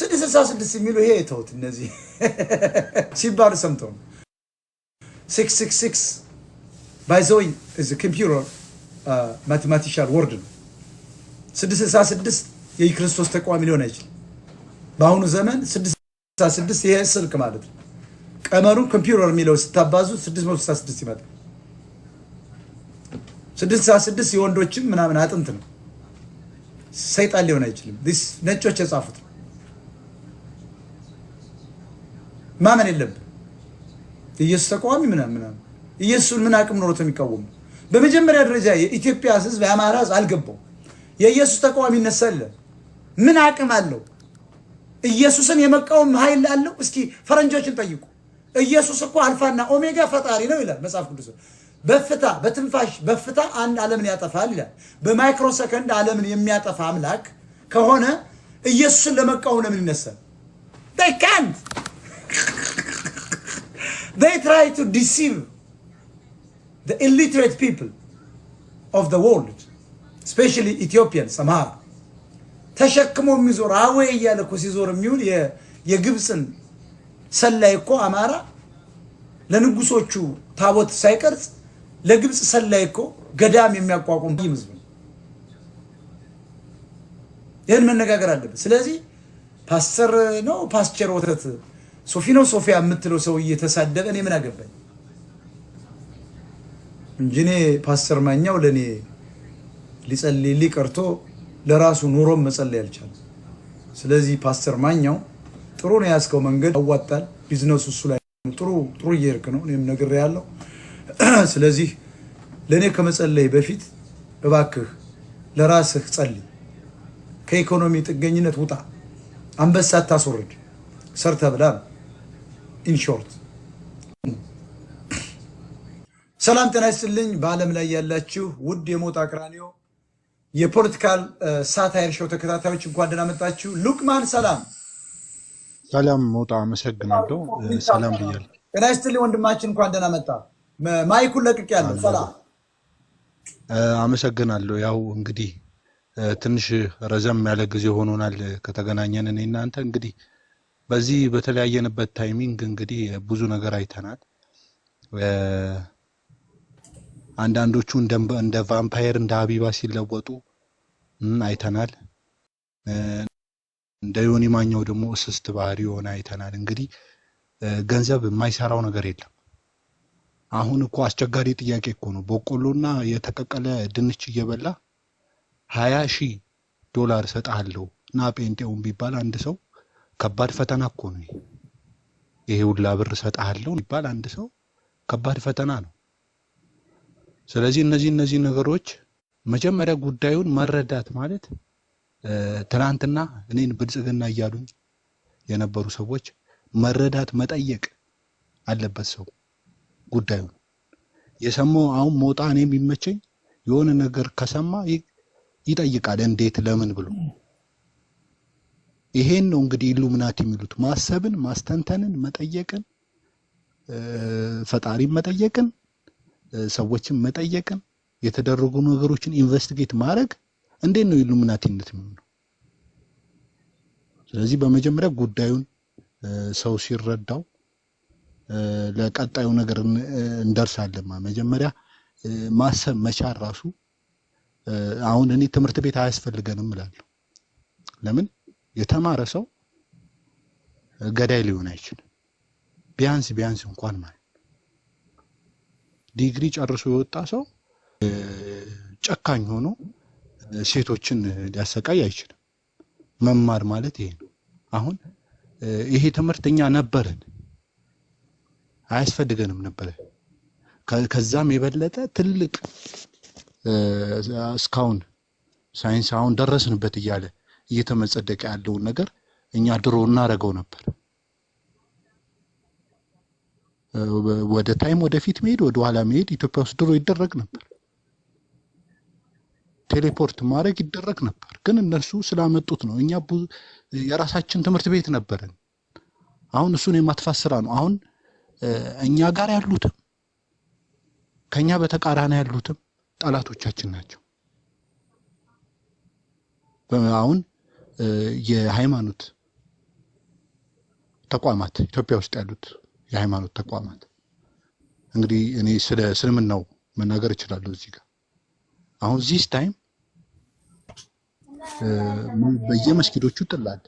ስድስት ስልሳ ስድስት የሚሉ ይሄ የተውት እነዚህ ሲባሉ ሰምተው ሲክስ ሲክስ ኮምፒውተር ማቴማቲሻል ወርድ ነው። ስድስት ስልሳ ስድስት የክርስቶስ ሊሆን አይችልም። በአሁኑ ዘመን ስድስት ስልሳ ስድስት ይሄ ስልክ ማለት ነው። ቀመሩን ኮምፒውተር የሚለው ስታባዙ ስድስት መቶ ስልሳ ስድስት ይመጣል። ስድስት ስልሳ ስድስት የወንዶችም ምናምን አጥንት ነው። ሰይጣን ሊሆን አይችልም። ነጮች የጻፉት ነው። ማመን የለብን። ኢየሱስ ተቃዋሚ ምናምን ኢየሱስን ምን አቅም ኖሮት የሚቃወሙ? በመጀመሪያ ደረጃ የኢትዮጵያ ሕዝብ የአማራ ሕዝብ አልገባው። የኢየሱስ ተቃዋሚ ይነሳል ምን አቅም አለው? ኢየሱስን የመቃወም ኃይል አለው? እስኪ ፈረንጆችን ጠይቁ። ኢየሱስ እኮ አልፋና ኦሜጋ ፈጣሪ ነው ይላል መጽሐፍ ቅዱስ። በፍታ በትንፋሽ በፍታ አንድ ዓለምን ያጠፋል ይላል። በማይክሮ ሰከንድ ዓለምን የሚያጠፋ አምላክ ከሆነ ኢየሱስን ለመቃወም ለምን ይነሳል? they try to deceive the illiterate people of the world, especially Ethiopians, somehow. ተሸክሞ የሚዞር አዌ እያለ እኮ ሲዞር የሚውል የግብፅን ሰላይ እኮ አማራ ለንጉሶቹ ታቦት ሳይቀርጽ ለግብፅ ሰላይ እኮ ገዳም የሚያቋቁም ህዝብ ይህን መነጋገር አለበት። ስለዚህ ፓስተር ነው ፓስቸር ወተት ሶፊያ የምትለው ሰውዬ እየተሳደበ እኔ ምን አገባኝ እንጂ እኔ ፓስተር ማኛው ለእኔ ሊጸልይልኝ ቀርቶ ለራሱ ኑሮም መጸለይ አልቻለም። ስለዚህ ፓስተር ማኛው ጥሩ ነው የያዝከው መንገድ ያዋጣል። ቢዝነሱ እሱ ላይ ጥሩ ጥሩ እየሄድክ ነው፣ እኔም ያለው። ስለዚህ ለእኔ ከመጸለይ በፊት እባክህ ለራስህ ጸልይ። ከኢኮኖሚ ጥገኝነት ውጣ። አንበሳ አታስወርድ። ሰርተ ብላ ኢንሾርት ሰላም ጤና ይስጥልኝ። በዓለም ላይ ያላችሁ ውድ የሞጣ ቅራኒዮ የፖለቲካል ሳታይር ሾው ተከታታዮች እንኳን ደህና መጣችሁ። ሉቅማን ሰላም ሰላም፣ ሞጣ አመሰግናለሁ። ሰላም ብያለሁ። ጤና ይስጥልኝ ወንድማችን፣ እንኳን ደህና መጣ። ማይኩን ለቅቅ ያለው ሰላም አመሰግናለሁ። ያው እንግዲህ ትንሽ ረዘም ያለ ጊዜ ሆኖናል ከተገናኘን እኔ እናንተ እንግዲህ በዚህ በተለያየንበት ታይሚንግ እንግዲህ ብዙ ነገር አይተናል። አንዳንዶቹ እንደ ቫምፓየር እንደ አቢባ ሲለወጡ አይተናል። እንደ ዮኒ ማኛው ደግሞ እስስት ባህሪ የሆነ አይተናል። እንግዲህ ገንዘብ የማይሰራው ነገር የለም። አሁን እኮ አስቸጋሪ ጥያቄ እኮ ነው። በቆሎና የተቀቀለ ድንች እየበላ ሀያ ሺህ ዶላር እሰጥሃለሁ ና ጴንጤውን ቢባል አንድ ሰው ከባድ ፈተና እኮ ነው ይሄ። ሁላ ብር እሰጥሃለሁ ይባል አንድ ሰው ከባድ ፈተና ነው። ስለዚህ እነዚህ እነዚህ ነገሮች መጀመሪያ ጉዳዩን መረዳት ማለት ትናንትና እኔን ብልጽግና እያሉኝ የነበሩ ሰዎች መረዳት መጠየቅ አለበት ሰው ጉዳዩን የሰማው አሁን ሞጣ እኔም የሚመቸኝ የሆነ ነገር ከሰማ ይጠይቃል እንዴት ለምን ብሎ ይሄን ነው እንግዲህ ኢሉሚናቲ የሚሉት ማሰብን፣ ማስተንተንን፣ መጠየቅን፣ ፈጣሪን መጠየቅን፣ ሰዎችን መጠየቅን፣ የተደረጉ ነገሮችን ኢንቨስቲጌት ማድረግ እንዴት ነው ኢሉሚናቲነት የሚሆነው? ስለዚህ በመጀመሪያ ጉዳዩን ሰው ሲረዳው ለቀጣዩ ነገር እንደርሳለን። መጀመሪያ ማሰብ መቻል ራሱ አሁን እኔ ትምህርት ቤት አያስፈልገንም እላለሁ። ለምን የተማረ ሰው ገዳይ ሊሆን አይችልም። ቢያንስ ቢያንስ እንኳን ማለት ዲግሪ ጨርሶ የወጣ ሰው ጨካኝ ሆኖ ሴቶችን ሊያሰቃይ አይችልም። መማር ማለት ይሄ ነው። አሁን ይሄ ትምህርት እኛ ነበረን አያስፈልገንም ነበረ። ከዛም የበለጠ ትልቅ እስካሁን ሳይንስ አሁን ደረስንበት እያለ እየተመጸደቀ ያለውን ነገር እኛ ድሮ እናደርገው ነበር። ወደ ታይም ወደፊት መሄድ ወደ ኋላ መሄድ ኢትዮጵያ ውስጥ ድሮ ይደረግ ነበር። ቴሌፖርት ማድረግ ይደረግ ነበር። ግን እነሱ ስላመጡት ነው። እኛ የራሳችን ትምህርት ቤት ነበረን። አሁን እሱን የማጥፋት ስራ ነው። አሁን እኛ ጋር ያሉትም ከኛ በተቃራኒ ያሉትም ጠላቶቻችን ናቸው። አሁን የሃይማኖት ተቋማት ኢትዮጵያ ውስጥ ያሉት የሃይማኖት ተቋማት እንግዲህ እኔ ስለ እስልምናው መናገር እችላለሁ እዚህ ጋር አሁን ዚስ ታይም በየመስጊዶቹ ጥላል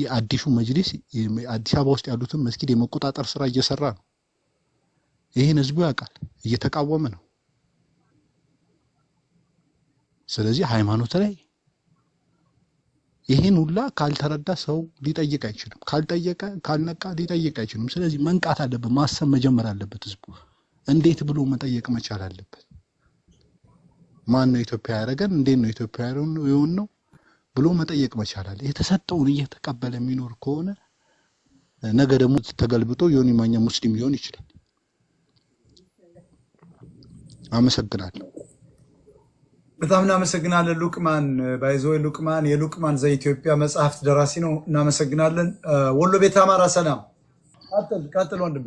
የአዲሱ መጅሊስ አዲስ አበባ ውስጥ ያሉትን መስጊድ የመቆጣጠር ስራ እየሰራ ነው። ይህን ህዝቡ ያውቃል፣ እየተቃወመ ነው። ስለዚህ ሃይማኖት ላይ ይህን ሁላ ካልተረዳ ሰው ሊጠይቅ አይችልም። ካልጠየቀ ካልነቃ ሊጠይቅ አይችልም። ስለዚህ መንቃት አለበት፣ ማሰብ መጀመር አለበት። ህዝቡ እንዴት ብሎ መጠየቅ መቻል አለበት። ማን ነው ኢትዮጵያ ያደረገን? እንዴት ነው ኢትዮጵያ የሆን ነው ብሎ መጠየቅ መቻል አለ። የተሰጠውን እየተቀበለ የሚኖር ከሆነ ነገ ደግሞ ተገልብጦ የሆን ማኛ ሙስሊም ሊሆን ይችላል። አመሰግናለሁ። በጣም እናመሰግናለን ሉቅማን ባይዞ ሉቅማን የሉቅማን ዘኢትዮጵያ መጽሐፍት ደራሲ ነው። እናመሰግናለን። ወሎ ቤት አማራ ሰላም። ቀጥል ቀጥል ወንድሜ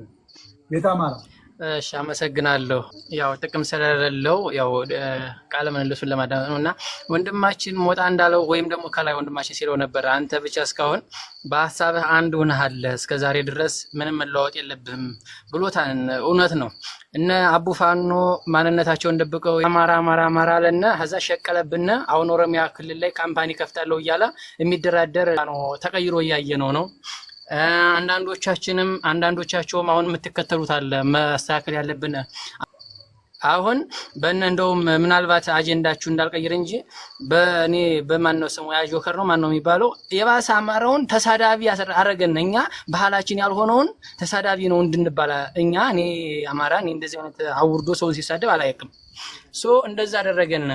ቤት አማራ እሺ አመሰግናለሁ። ያው ጥቅም ስለሌለው ያው ቃለ ምልልሱን ለማዳመጥ ነው እና ወንድማችን ሞጣ እንዳለው ወይም ደግሞ ከላይ ወንድማችን ሲለው ነበር፣ አንተ ብቻ እስካሁን በሀሳብህ አንድ ሆነሃል፣ እስከዛሬ ድረስ ምንም መለዋወጥ የለብህም ብሎታን። እውነት ነው። እነ አቡፋኖ ማንነታቸውን ደብቀው አማራ አማራ አማራ አለና ከዛ ሸቀለብን። አሁን ኦሮሚያ ክልል ላይ ካምፓኒ ከፍታለሁ እያለ የሚደራደር ተቀይሮ እያየ ነው ነው አንዳንዶቻችንም አንዳንዶቻቸውም አሁን የምትከተሉት አለ መስተካከል ያለብን አሁን በእነ እንደውም ምናልባት አጀንዳችሁ እንዳልቀይር እንጂ በእኔ በማን ነው ስሙ ጆከር ነው ማን ነው የሚባለው የባሰ አማራውን ተሳዳቢ አረገን። እኛ ባህላችን ያልሆነውን ተሳዳቢ ነው እንድንባላ እኛ እኔ አማራ እኔ እንደዚህ አይነት አውርዶ ሰው ሲሳደብ አላየቅም። ሶ እንደዛ አደረገን።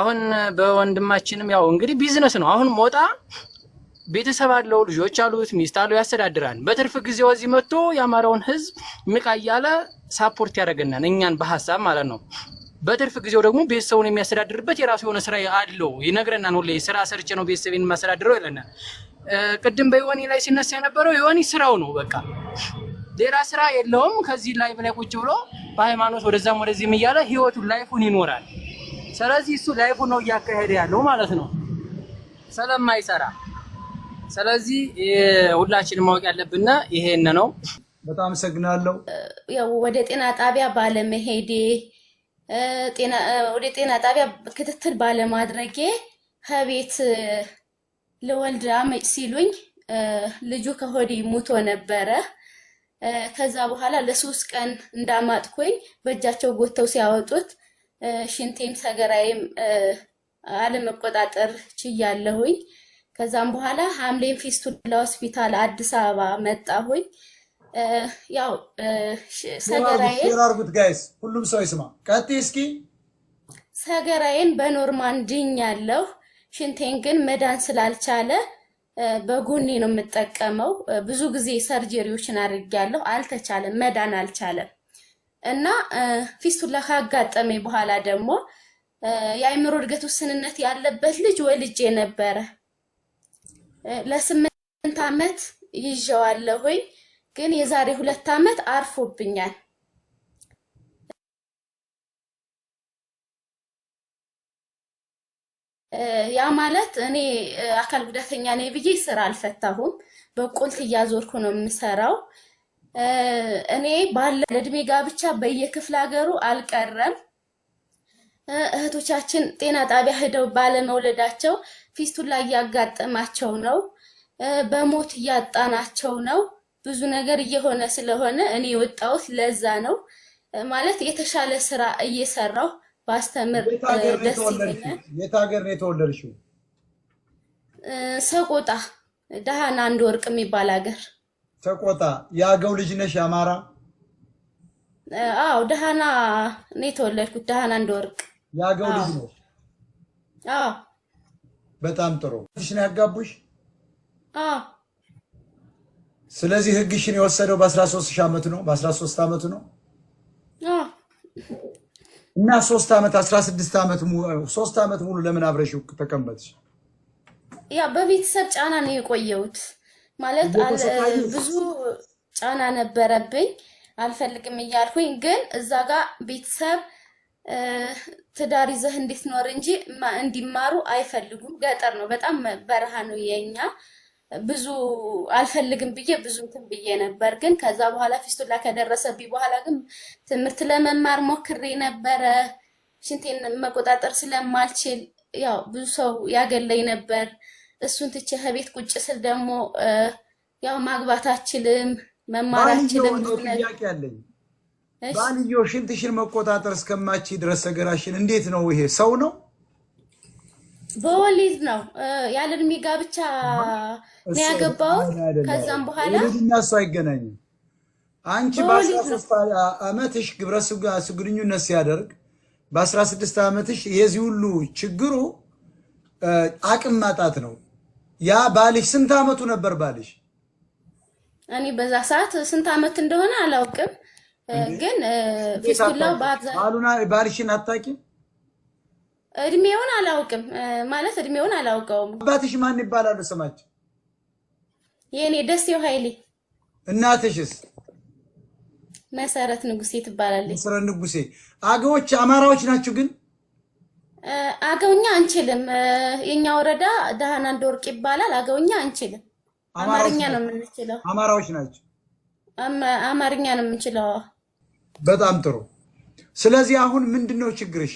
አሁን በወንድማችንም ያው እንግዲህ ቢዝነስ ነው አሁን ሞጣ ቤተሰብ አለው፣ ልጆች አሉት፣ ሚስት አለው፣ ያስተዳድራል። በትርፍ ጊዜው እዚህ መጥቶ የአማራውን ህዝብ ንቃ እያለ ሳፖርት ያደረገናል፣ እኛን በሀሳብ ማለት ነው። በትርፍ ጊዜው ደግሞ ቤተሰቡን የሚያስተዳድርበት የራሱ የሆነ ስራ አለው፣ ይነግረናል። ሁሌ ስራ ሰርቼ ነው ቤተሰቤን የማስተዳድረው ይለናል። ቅድም በዮኒ ላይ ሲነሳ የነበረው ዮኒ ስራው ነው፣ በቃ ሌላ ስራ የለውም። ከዚህ ላይ ላይ ቁጭ ብሎ በሃይማኖት ወደዛም ወደዚህም እያለ ህይወቱን ላይፉን ይኖራል። ስለዚህ እሱ ላይፉን ነው እያካሄደ ያለው ማለት ነው ስለማይሰራ ስለዚህ ሁላችንም ማወቅ ያለብን ይሄን ነው። በጣም አመሰግናለሁ። ያው ወደ ጤና ጣቢያ ባለመሄዴ ወደ ጤና ጣቢያ ክትትል ባለማድረጌ ከቤት ለወልድ አመጭ ሲሉኝ ልጁ ከሆዴ ሙቶ ነበረ። ከዛ በኋላ ለሶስት ቀን እንዳማጥኩኝ በእጃቸው ጎተው ሲያወጡት ሽንቴም ሰገራዬም አለመቆጣጠር ችያለሁኝ። ከዛም በኋላ ሐምሌን ፊስቱላ ሆስፒታል አዲስ አበባ መጣሁኝ። ያው ሰገራዬን ጋይስ፣ ሁሉም ሰው ይስማ። ቀጥ እስኪ ሰገራዬን ድኝ ያለው ሽንቴን ግን መዳን ስላልቻለ በጎኔ ነው የምጠቀመው። ብዙ ጊዜ ሰርጀሪዎችን አድርጌያለሁ፣ አልተቻለም፣ መዳን አልቻለም። እና ፊስቱላ ካጋጠመኝ በኋላ ደግሞ የአይምሮ እድገት ውስንነት ያለበት ልጅ ወልጄ ነበረ። ለስምንት ዓመት ይዤዋለሁኝ ግን የዛሬ ሁለት ዓመት አርፎብኛል። ያ ማለት እኔ አካል ጉዳተኛ ነኝ ብዬ ስራ አልፈታሁም። በቁልት እያዞርኩ ነው የምሰራው። እኔ ባለ እድሜ ጋብቻ በየክፍለ ሀገሩ አልቀረም። እህቶቻችን ጤና ጣቢያ ሄደው ባለመውለዳቸው ላይ እያጋጠማቸው ነው። በሞት እያጣናቸው ነው። ብዙ ነገር እየሆነ ስለሆነ እኔ የወጣሁት ለዛ ነው። ማለት የተሻለ ስራ እየሰራሁ ባስተምር ደስ ይለኛል። የት ሀገር ነው የተወለድሽው? ሰቆጣ ደሃና አንድ ወርቅ የሚባል ሀገር ሰቆጣ። የአገው ልጅ ነሽ? አማራ? አዎ፣ ደሃና ነው የተወለድኩት፣ ደሃና አንድ ወርቅ የአገው ልጅ ነው። በጣም ጥሩ ነው። ያጋቡሽ። ስለዚህ ህግሽን የወሰደው በ13 ዓመት ነው፣ በ13 ዓመቱ ነው እና ሶስት ዓመት 16 ዓመት ሶስት ዓመት ሙሉ ለምን አብረሽው ተቀመጥሽ? ያ በቤተሰብ ጫና ነው የቆየሁት። ማለት ብዙ ጫና ነበረብኝ፣ አልፈልግም እያልኩኝ ግን እዛ ጋር ቤተሰብ ትዳር ይዘህ እንድትኖር እንጂ እንዲማሩ አይፈልጉም። ገጠር ነው፣ በጣም በረሃ ነው የኛ ብዙ አልፈልግም ብዬ ብዙ እንትን ብዬ ነበር። ግን ከዛ በኋላ ፊስቱላ ከደረሰብኝ በኋላ ግን ትምህርት ለመማር ሞክሬ ነበረ። ሽንቴን መቆጣጠር ስለማልችል ያው ብዙ ሰው ያገለኝ ነበር። እሱን ትቼ ከቤት ቁጭ ስል ደግሞ ያው ማግባት አችልም መማር አችልም ጥያቄ አለኝ ባልዮ ሽንትሽን መቆጣጠር እስከማች ድረስ ሰገራሽን እንዴት ነው? ይሄ ሰው ነው በወሊድ ነው ያለ እድሜ ጋብቻ ነው ያገባውን። ከዛም በኋላ ወሊድና እሱ አይገናኝም። አንቺ በ13 ዓመትሽ ግብረ ስጋ ግንኙነት ሲያደርግ በ16 ዓመትሽ የዚህ ሁሉ ችግሩ አቅም ማጣት ነው። ያ ባልሽ ስንት ዓመቱ ነበር? ባልሽ እኔ በዛ ሰዓት ስንት ዓመት እንደሆነ አላውቅም። ግን ፊስቱላ ባልሽን አታውቂም? እድሜውን አላውቅም ማለት እድሜውን አላውቀውም። አባትሽ ማን ይባላሉ? ስማቸው የእኔ ደሴው ኃይሌ። እናትሽስ? መሰረት ንጉሴ ትባላለች። መሰረት ንጉሴ። አገዎች አማራዎች ናችሁ? ግን አገውኛ አንችልም። የኛ ወረዳ ደህና እንደ ወርቅ ይባላል። አገውኛ አንችልም። አማርኛ ነው የምንችለው። አማራዎች ናቸው። አማርኛ ነው የምንችለው። በጣም ጥሩ። ስለዚህ አሁን ምንድን ነው ችግርሽ?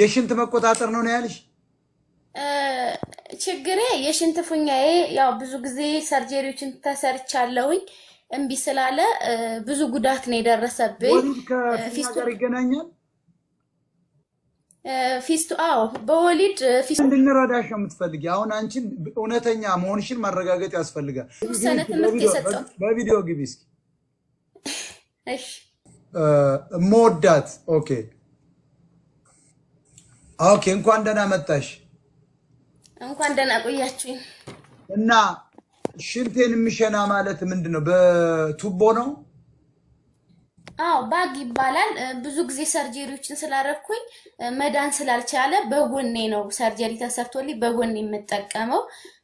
የሽንት መቆጣጠር ነው ነው ያልሽ? ችግሬ የሽንት ፉኛዬ ያው ብዙ ጊዜ ሰርጀሪዎችን ተሰርቻለሁኝ እምቢ ስላለ ብዙ ጉዳት ነው የደረሰብኝ። ከፊስቱላ ይገናኛል። ፊስቱ አዎ፣ በወሊድ ፊስቱ እንድንረዳሽ ነው የምትፈልጊ። አሁን አንቺን እውነተኛ መሆንሽን ማረጋገጥ ያስፈልጋል። ሰነ ትምህርት የሰጠው በቪዲዮ ግቢ እስኪ እሺ እመወዳት uh, ኦኬ ኦኬ። እንኳን ደህና መጣሽ። እንኳን ደህና ቆያችሁኝ። እና ሽንቴን የሚሸና ማለት ምንድን ነው? በቱቦ ነው? አዎ ባግ ይባላል። ብዙ ጊዜ ሰርጀሪዎችን ስላረኩኝ መዳን ስላልቻለ በጎኔ ነው ሰርጀሪ ተሰርቶልኝ በጎኔ የምጠቀመው።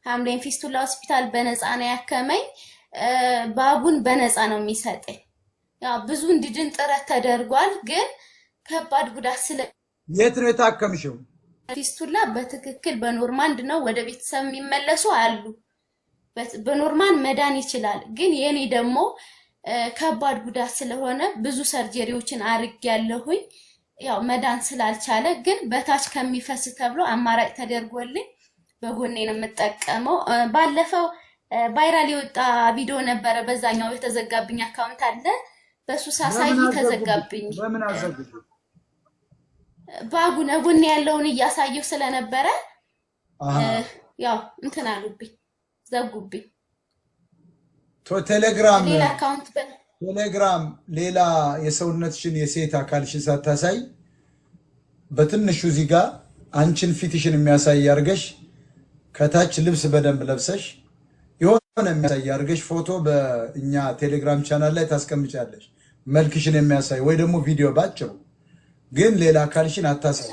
ሐምሌን ፊስቱላ ሆስፒታል በነፃ ነው ያከመኝ። ባቡን በነፃ ነው የሚሰጠኝ ብዙ እንዲድን ጥረት ተደርጓል፣ ግን ከባድ ጉዳት ስለ የት ነው የታከምሽው? ፊስቱላ በትክክል በኖርማንድ ነው ወደ ቤተሰብ የሚመለሱ አሉ። በኖርማንድ መዳን ይችላል፣ ግን የኔ ደግሞ ከባድ ጉዳት ስለሆነ ብዙ ሰርጀሪዎችን አድርጌያለሁኝ። ያው መዳን ስላልቻለ ግን በታች ከሚፈስ ተብሎ አማራጭ ተደርጎልኝ በጎኔ ነው የምጠቀመው። ባለፈው ቫይራል የወጣ ቪዲዮ ነበረ። በዛኛው የተዘጋብኝ አካውንት አለ በሱ ሳሳይ ተዘጋብኝ። ባጉነ ጎን ያለውን እያሳየሁ ስለነበረ ያው እንትን አሉብኝ፣ ዘጉብኝ። ቴሌግራም ሌላ ቴሌግራም ሌላ የሰውነትሽን የሴት አካልሽን ሳታሳይ በትንሹ እዚህ ጋር አንቺን ፊትሽን የሚያሳይ አድርገሽ ከታች ልብስ በደንብ ለብሰሽ የሆነ የሚያሳይ አድርገሽ ፎቶ በእኛ ቴሌግራም ቻናል ላይ ታስቀምጫለሽ። መልክሽን የሚያሳይ ወይ ደግሞ ቪዲዮ ባጭሩ ግን ሌላ አካልሽን አታሳይ።